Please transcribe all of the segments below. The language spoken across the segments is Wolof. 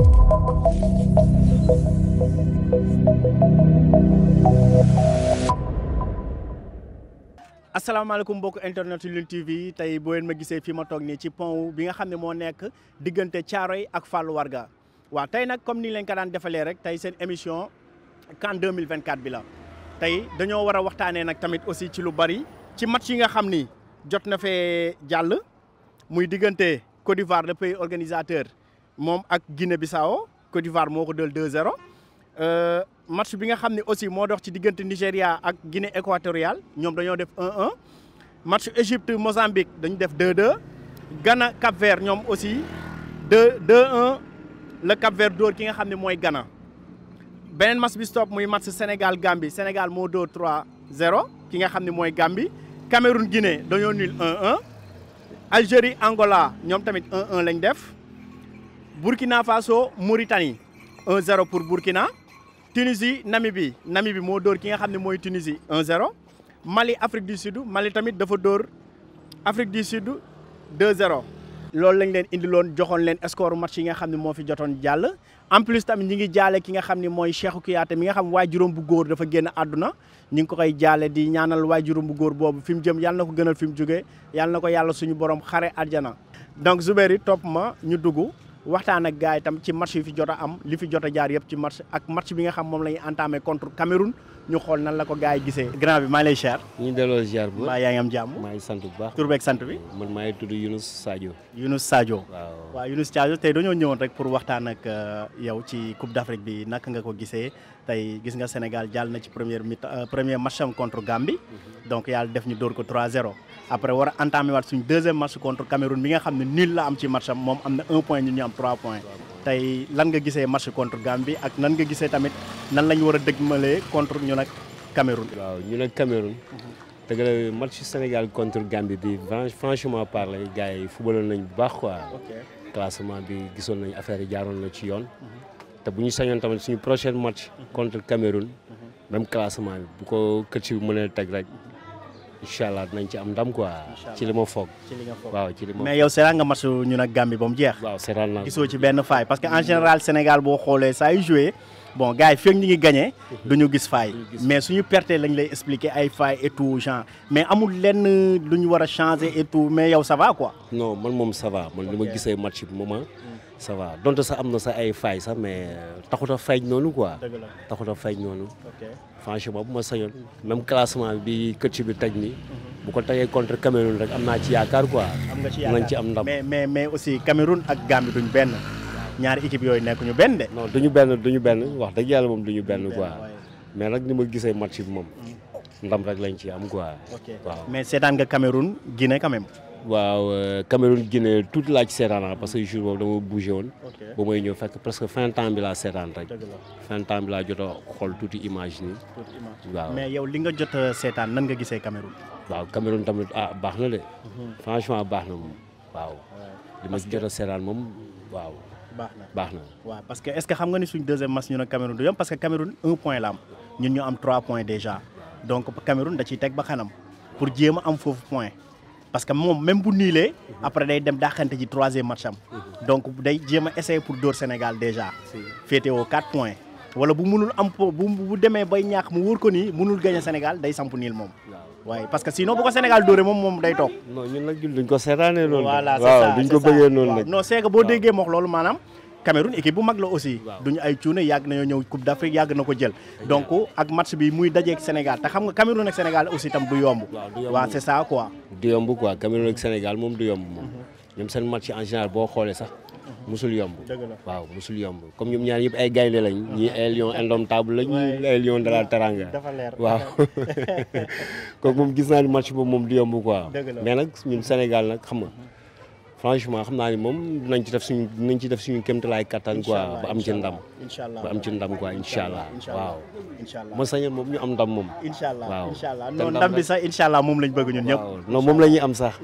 asalaamaaleykum mbokk internet Lune TV tey boo leen ma gisee fi ma toog nii ci pont bi nga xam ne moo nekk diggante Thiaroye ak Fallou Warga waaw tey nag comme ni leen ko daan defalee rek tey seen émission CAN 2024 bi la tey dañoo war a waxtaanee nag tamit aussi ci lu bari ci mat yi nga xam ni jot na fee jàll muy diggante Côte d'Ivoire le pays organisateur mom ak Guinée Bissau Côte d'Ivoire moko del 2-0 match bi nga xam aussi mo dox ci ak Guinée équatoriale ñom dañu def 1-1 match Égypte Mozambique dañu def 2-2 Ghana Cap Vert ñom aussi 2 2-1 le Cap Vert dóor ki nga xam moy Ghana match bi stop muy match Sénégal Gambie Sénégal mo do 3-0 ki nga xam moy Gambie Cameroun Guinée dañu nul 1-1 Algérie Angola ñoom tamit 1-1 Burkina Faso Mauritanie 1-0 pour Burkina Tunisie Namibie Namibie moo dóor ki nga xam ne mooy Tunisie 1-0 Mali Afrique du Sud Mali tamit dafa dóor Afrique du Sud 2-0. loolu lañ leen indiloon joxoon leen score match yi nga xam ne moo fi jotoon jàll en plus tamit ñi ngi jaale ki nga xam ni mooy Cheikhou Kouyaté mi nga xam waajuram bu góor dafa génn àdduna ñi ngi ko koy jaale di ñaanal waajuram bu góor boobu fi mu jëm yàlla ko gënal fi mu jógee yàlla ko yàlla suñu borom xare àjjana donc Zuberi topp ma ñu dugg. waxtaan a gars yi tam ci match yi fi jot a am li fi jot a jaar yëpp ci match ak match bi nga xam moom la ñuy entamé contre Cameroun ñu xool nan la ko gars yi gisee. grand bi maa ngi lay ziar. ñu ngi delloo ziar bu baax yaa ngi am sant bu baax tur beeg sant bi. man maa ngi tudd Younous Sadio. Younous Sadio. waaw waaw Younous Sadio tey dañoo ñëwoon rek pour waxtaan ak euh, yow ci Coupe d'Afrique bi naka nga ko gisee. tey gis nga Sénégal jàll na ci première mi euh, premier match contre Gambie donc il def ñu le ko 3-0 après war a entamé waat suñ deuxième match contre Cameroun bi nga xam nul la am ci match am a am un point ñun ñu am trois points Tay, lan nga gisee match contre Gambie ak nan nga gisee tamit nan lañ war a contre ñu Cameroun ñu Cameroun dëgg la match Sénégal contre Gambie bi franchement parler gars yi football nañ bu baax quoi classement bi gisoon nañ affaire yi na ci té buñu sañon sañoon tamit suñu prochain match contre Cameroun même classement bu ko coach ci mëna teg rek inshallah allah dinañ ci am ndam quoi. ci li ma foog. ci li nga foog waaw ci li mais yow sera nga match ñu nag Gambie bam jeex. waaw sera na gisoo ci ben faay parce que en général Sénégal bo xolé say jouer bon gars yi fekk ñi ngi gagné mhm. duñu gis faay mais suñu perte lañ lay expliquer ay faay et tout genre mais amul lenn lu ñu war a changer et tout mais yow ça va quoi. non man moom ça va man li ma match bi moom ah, mm. ça va Donc ça, am ça sax ay faay sax mais euh, taxut a feeñ noonu quoi. dëgg la taxut Ok. feeñ noonu. franchement bu ma sañoon même classement bi këcc bi taj ni mm-hmm. bu ko tajee contre Cameroun rek am naa ci yaakaar quoi. am nga ci yaakaar am ndam mais mais mais aussi Cameroun ak Gambie duñ benn. ñaari équipe yooyu nekk ñu benn de. non du ñu benn wax dëgg yàlla moom du ñu benn quoi mais nag ni ma gisee match bi moom ndam rek lañ ci am quoi. waaw mais seetaan nga Cameroun Guinée quand même. waaw euh, Cameroun Guinée tout laa ci seetaan parce que jour boobu dama bougé woon. ba may ñëw fekk presque fin temps bi laa seetaan rek. fin temps bi laa jot a xool tuuti image nii. mais yow li nga jot seetaan nan nga gisee Cameroun. waaw Cameroun tamit ah baax na de. Mhm. franchement baax na moom waaw. li ma jot a seetaan moom waaw. baax na baax parce que est ce que xam nga ni suñ deuxième match ñu ne Cameroun du yomb parce que Cameroun un point la am ñun ñu am trois points déjà donc Cameroun da ciy teg ba xanam pour jéem a am foofu point parce que moom même bu niilee mhm. après day dem daaxante ji troisième match am mhm. donc day jéem a essayer pour dóor Sénégal déjà féete woo quatre points wala bu munul am po bu bu demee bay ñaax mu wóor ko nii munul gagné Sénégal day samp niil moom. waaye parce que sinon bu ko Sénégal dóoree moom moom day toog. non ñun nag duñ ko seetaanee noonu. voilà duñ ko bëggee noonu nag. non c'est boo déggee moox loolu maanaam. Cameroun équipe bu mag la aussi. duñu ay cuune yàgg na ñëw Coupe d'Afrique yàgg na ko jël. donc ak match bi muy dajeek Sénégal te xam nga Cameroun ak Sénégal aussi tam du yomb. waaw c'est ça quoi. du yomb quoi Sénégal moom du yomb moom. ñoom mm-hmm. seen match en général boo xoolee sax musul yomb waaw musul yomb comme ñoom ñaar yëpp ay gaynde lañ ñii ay lion indomptable lañ ñii ay lion de la waaw kooku moom gis naa ni match boobu moom du yomb quoi mais nag ñun Sénégal nag xam franchement xam naa ni moom dinañ ci def suñu dinañ ci def suñu kéemtalaay kattan quoi am ci ndam. ba am ci ndam quoi am ndam bi sax moom lañ bëgg ñun ñëpp. non moom la ñuy am sax.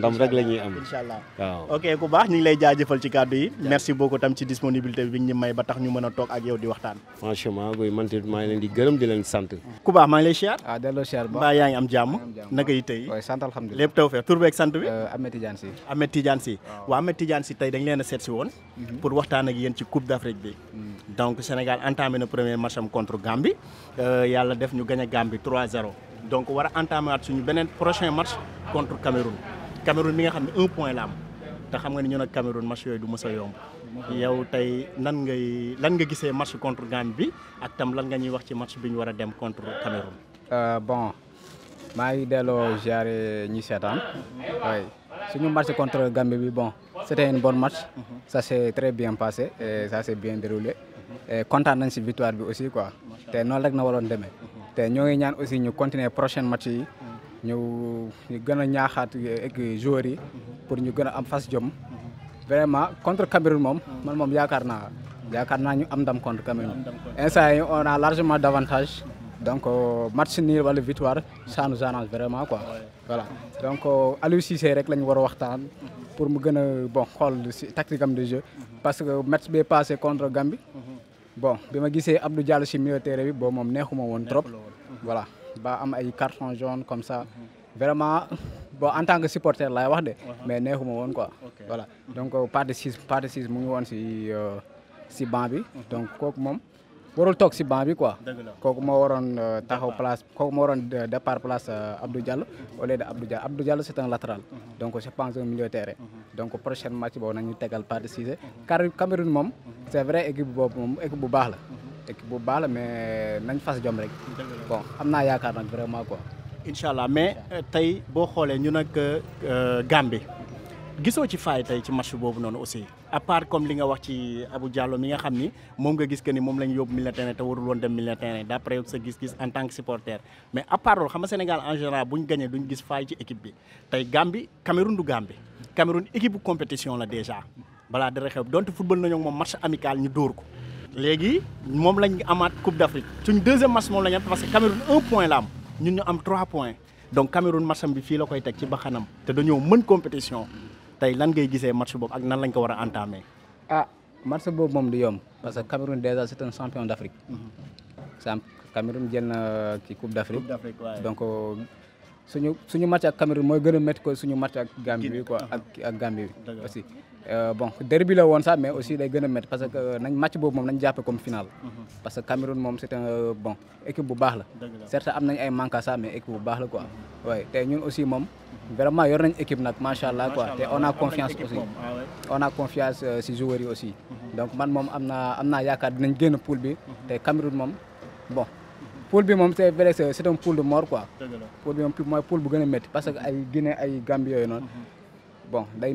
ndam rek la ñuy am. incha allah waaw. ok ku baax ñu ngi lay jaajëfal ci kàddu yi. merci beaucoup tam ci disponibilité bi ñu may ba tax ñu mën a toog ak yow di waxtaan. franchement guy man tamit maa leen di gërëm di leen sant. ku baax maa lay siyaar. ah yaa ngi am jàmm. naka yi tey. sant alhamdulilah lépp taw sant bi. Euh, Ahmed Tidiane Sy wa Ahmed Tidiane Sy tay dañ leena a seet si mhm. pour waxtaan ak yeen ci Coupe d'Afrique bi mhm. donc Sénégal entamé na premier match am contre Gambie euh yalla def ñu gagner Gambie 3-0 donc wara entamé waat suñu benen prochain match contre Cameroun Cameroun mi nga xamni 1 point la am ta xam nga ni ñu nag Cameroun match yoy du mës a yomb yow tay nan ngay lan nga gisé match contre Gambie bi ak tam lan nga ñuy wax ci match bi ñu war dem contre Cameroun euh bon maa ngi delloo ziare ñi seetaan nous match contre Gambie bi bon c'était une bonne match ça s'est très bien passé et ça s'est bien déroulé et kontaan nañ victoire aussi quoi te non rek na waroon demee te nous ñaan aussi ñu continuer prochain match yi ñu ñu gën a ñaaxaat ak joueurs pour nous faire face am fas jom vraiment contre Cameroun moom man moom yaakaar naa yaakaar naa ñu am ndam contre Cameroun instant ça, on a largement d'avantage donc, euh, match nul la victoire, ça nous arrange vraiment quoi. Voilà. Donc, euh, Aliou Cissé rek lañ war a pour mu gagner bon xool tactique am de jeu. Parce que match bi passé contre Gambie. Bon, bi ma gisee Abdou Diallo si milieu terrain bi bon moom neexuma woon trop. Voilà ba am ay carton jaune comme ça. Vraiment bon en tant que supporter laay wax de. Uh-huh. mais neexuma won quoi. Voilà donc euh, pas de six pas de six mu ngi woon ci euh, banc bi. Uh-huh. donc kok mom warul toog si banc bi quoi. kooku moo waroon euh, taxaw place kooku moo waroon euh, départ place euh, Abdou Diallo au lieu de Abdou Diallo Abdou Diallo c' est un latéral. Mhm. donc je pense un milieu terrain. Mhm. donc prochaine match boobu nañu tegal Pathé Cissé. car Cameroun moom. Mhm. c' vrai équipe boobu moom équipe bu baax la. équipe bu baax la mais nañ fas jom rek. bon am naa yaakaar nag vraiment quoi. incha allah mais tey boo xoolee ñu nag Gambie. gisoo ci faay tey ci match boobu noonu aussi à part comme li nga wax ci Abou Diallo mi nga xam ni moom nga gis que ni moom lañ yóbbu milieu terrain te warul woon dem milieu terrain d'après sa gis-gis en tant que supporter mais à part loolu xam nga Sénégal en général buñ gagné duñ gis faay ci équipe bi tey Gambie Cameroun du Gambie Cameroun équipe compétition la déjà balaa dara xew donte football nañu moom match amical ñu dóor ko. léegi moom lañ amaat Coupe d'Afrique suñ deuxième match moom am parce que Cameroun un point la am ñun ñu am trois points la koy teg ci baxanam te dañoo mën compétition. tey lan ngay gisee match boobu ak nan lañ ko war a entamer. ah match boobu moom du yomb parce que Cameroun déjà c'est un champion d'Afrique. Mhm. sam Cameroun jël na euh, ci coupe d'Afrique. coupe d'Afrique waaye donc euh, suñu suñu match ak Cameroun mooy gën a métti ko suñu match ak Gambie bi quoi uh-huh. ak ak Gambie euh, woon sax mais aussi day gën a métti parce que nañ match boobu moom nañ jàppe comme final. Uh-huh. parce que Cameroun moom c'est un bon équipe bu baax la. certes am nañ ay manques sax mais équipe bu baax la quoi. waaye uh-huh. ñun aussi moom. vraiment yor une équipe une équipe quoi ah on a confiance euh, aussi on a confiance ces joueurs aussi. donc man mom suis amna yakar dinañ poule bi mhm. Cameroun bon. bi c'est c'est un poule de mort quoi. poule bi moom mooy poule bu gëna parce que mhm. ay guiné ay Gambie mhm. bon day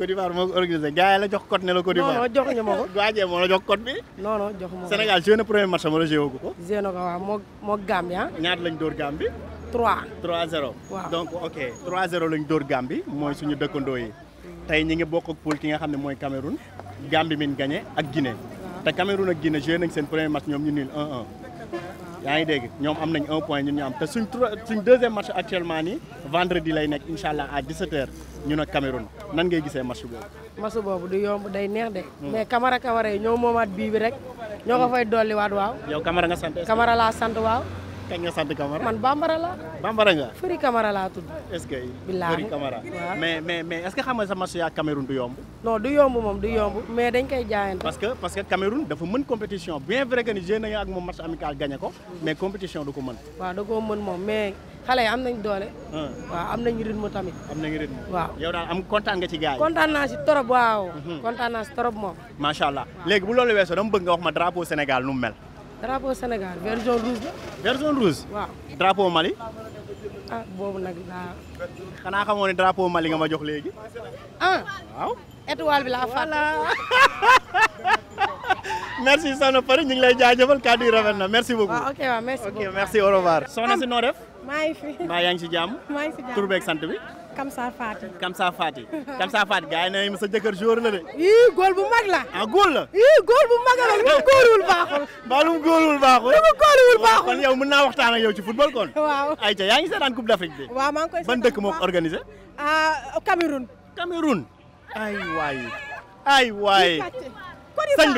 Côte d'Ivoire moo ko organisé la jox code ne la Côte d'Ivoire. non non joxuñu ma ko. Guadié moo la jox code bi. ko Sénégal joué na premier match am wala joué ko. joué na ko waaw moo moo Gambie ah. lañ dóor Gambie. 3 3 0. waaw donc ok 3 0 lañ dóor Gambie mooy suñu dëkkandoo yi. tey ñi ngi bokk ak ki nga xam ne mooy Cameroun. Gambie min gagné ak Guinée. te Cameroun ak Guinée joué nañ premier match ñoom ñu nul 1 yaa ngi dégg ñoom am nañ un point ñun ñu am te suñ suñ deuxième match actuellement nii vendredi lay nekk incha allah à 17h ñu ne nan ngay gisee match boobu. boobu du yomb day neex de. Hmm. mais Camara Camara yi ñoo moomaat bii bi rek. ñoo ko fay dolliwaat waaw. yow Camara nga sant. Camara laa sant waaw. kañ nga sant man bambara la. Fëri Camara laa tudd. est-ce Fëri Camara. mais mais mais est-ce que xam ma sa match yaa Cameroun du yomb. non du yomb moom du yomb mais dañ koy jaayante. parce que parce que Cameroun dafa mën compétition bien vrai que ni jeune nañu ak moom match amical gagné ko mais compétition du ko mën. waaw da koo mën moom mais xale yi am nañ doole. waaw am nañu rythme tamit. am nañu rythme waaw. yow daal am kontaan nga ci gars yi. kontaan naa si trop waaw. Mhm. kontaan naa si trop moom. macha allah ma drapeau Sénégal nu mu mel drapeau Sénégal vert jaune rouge drapeau Mali. ah boobu nag laa. xanaa xamoo ni drapeau Mali nga ma jox léegi. ah waaw. étoile bi laa fàtte. merci soxna Pari ñu lay jaajëfal kàddu yi rafet na merci beaucoup. waaw ah, ok waaw merci beaucoup au revoir. soxna si noo maa ngi maa yaa ngi si jàmm. maa ngi sant bi. Kamsar Fati. Kamsar Fati Kamsar Fati gars yi nee nañu sa jëkkër joueur la de. ii góol bu mag la. ah góol la. ii góol bu mag la lu mu góolul baaxul. ba lu mu góolul baaxul. lu mu góolul baaxul kon yow mën naa waxtaan ak yow ci football kon. waaw ayca yaa ngi seetaan Coupe d'Afrique bi. waaw maa ngi koy ban dëkk ah, ay waay ay waay. sëñ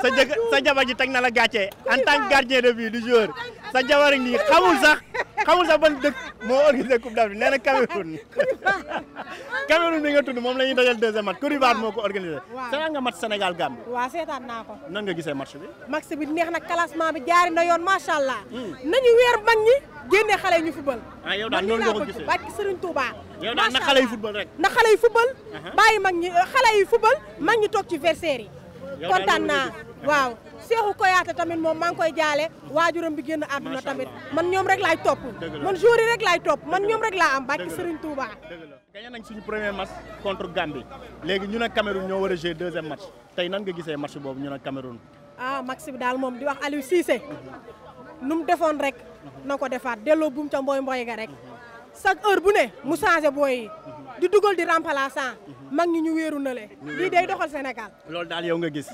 sa jëkkër ji teg na la gàcce en tant que de but du joueur sa ngi xamul sax. xamul sax ban dëkk moo organisé coupe d'Afrique nee na Cameroun Cameroun bi nga tudd moom la ñuy dajal deuxième match Côte d'Ivoire moo ko organisé. waaw seetaan nga match Sénégal Gambie. waaw seetaan naa ko. nan nga gisee match bi. match bi neex na classement bi jaari na yoon macha allah. Hmm. nañu weer mag ñi génne xale ñu football. ah yow daal noonu nga ko gisee barki Serigne Touba. yow daal na xale yi football rek. na xale yi football. bàyyi mag ñi xale yi football mag ñi toog ci versaire yi. kontaan naa waaw. Cheikhou Kouyaté tamit moom maa koy jaale waajuram bi génn àdduna tamit man ñoom rek laay topp man jour yi rek laay topp man ñoom rek laa am bàkki Serigne Touba gagné nañ suñu premier match contre Gambie léegi ñu ne Cameroun ñoo war a jouer deuxième match tey nan nga gisee match boobu ñu ne Cameroun ah match daal moom di wax Aliou Cissé nu mu defoon rek na ko defaat delloo buum ca booy mbooy ga rek mhm. chaque heure bu ne mu changé booy di dugal di remplaçant mag ñi ñu wéeru na le lii day doxal Sénégal loolu daal yow nga gis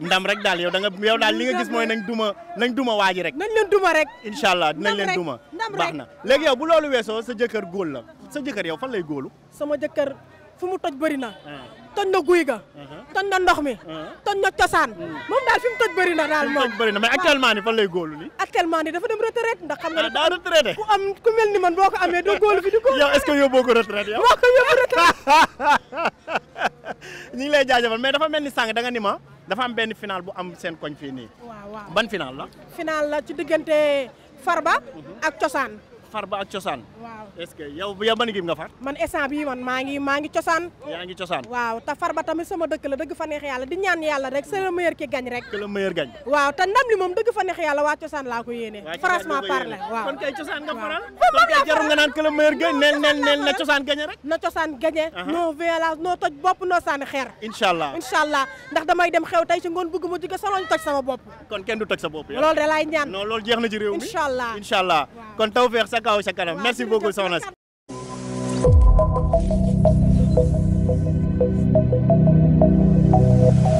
ndam rek daal yow da nga yow daal li nga gis mooy nañ duma nañ duma waaji rek nañ leen duma rek incha allah dinañ leen duma baax na léegi yow bu loolu weesoo sa jëkkër góol la sa jëkkër yow fan lay góolu sama jëkkër fu mu toj bëri na ah. toj na guy ga ah. toj na ndox mi ah. toj na cosaan hmm. moom daal fi mu toj bëri daal moom bëri na mais actuellement ni fan lay góolu ni actuellement ni dafa dem retraite ndax xam nga daa retraité ku am ku mel ni man boo ko amee doo góolu fi di góolu yow est-ce que mais dafa mel ni sàng danga nga ma dafa am benn final bu am seen koñ fii nii ban final la final la ci diggante Farba mhm. ak cosaan far ba ak ciosan waaw est ce que yow ya ban gi nga far. man essence bi man maa ngi maa ngi ciosan yaa ngi cosaan waaw ta far ba tamit sama dëkk la deug fa neex yalla di ñaan yalla rek c'est le meilleur qui gagne rek. que le meilleur gagne. waaw ta ndam li mom deug fa neex yalla wa ciosan la ko yene franchement parler waaw kon kay ciosan nga faral. kon kay jaru nga nan que le meilleur gagne nel nel nel na ciosan gagne rek. na ciosan gagne. no vela no toj bop no san xer inshallah inshallah ndax damay dem xew tay ci ngoon bëgg mu diga salon toj sama bop kon kenn du toj sa bopp. loolu de lay ñaan non loolu jeex na ci rew mi inshallah inshallah kon tawfiq sa kaw ca kanam merci beaucoup soxna si Thank you.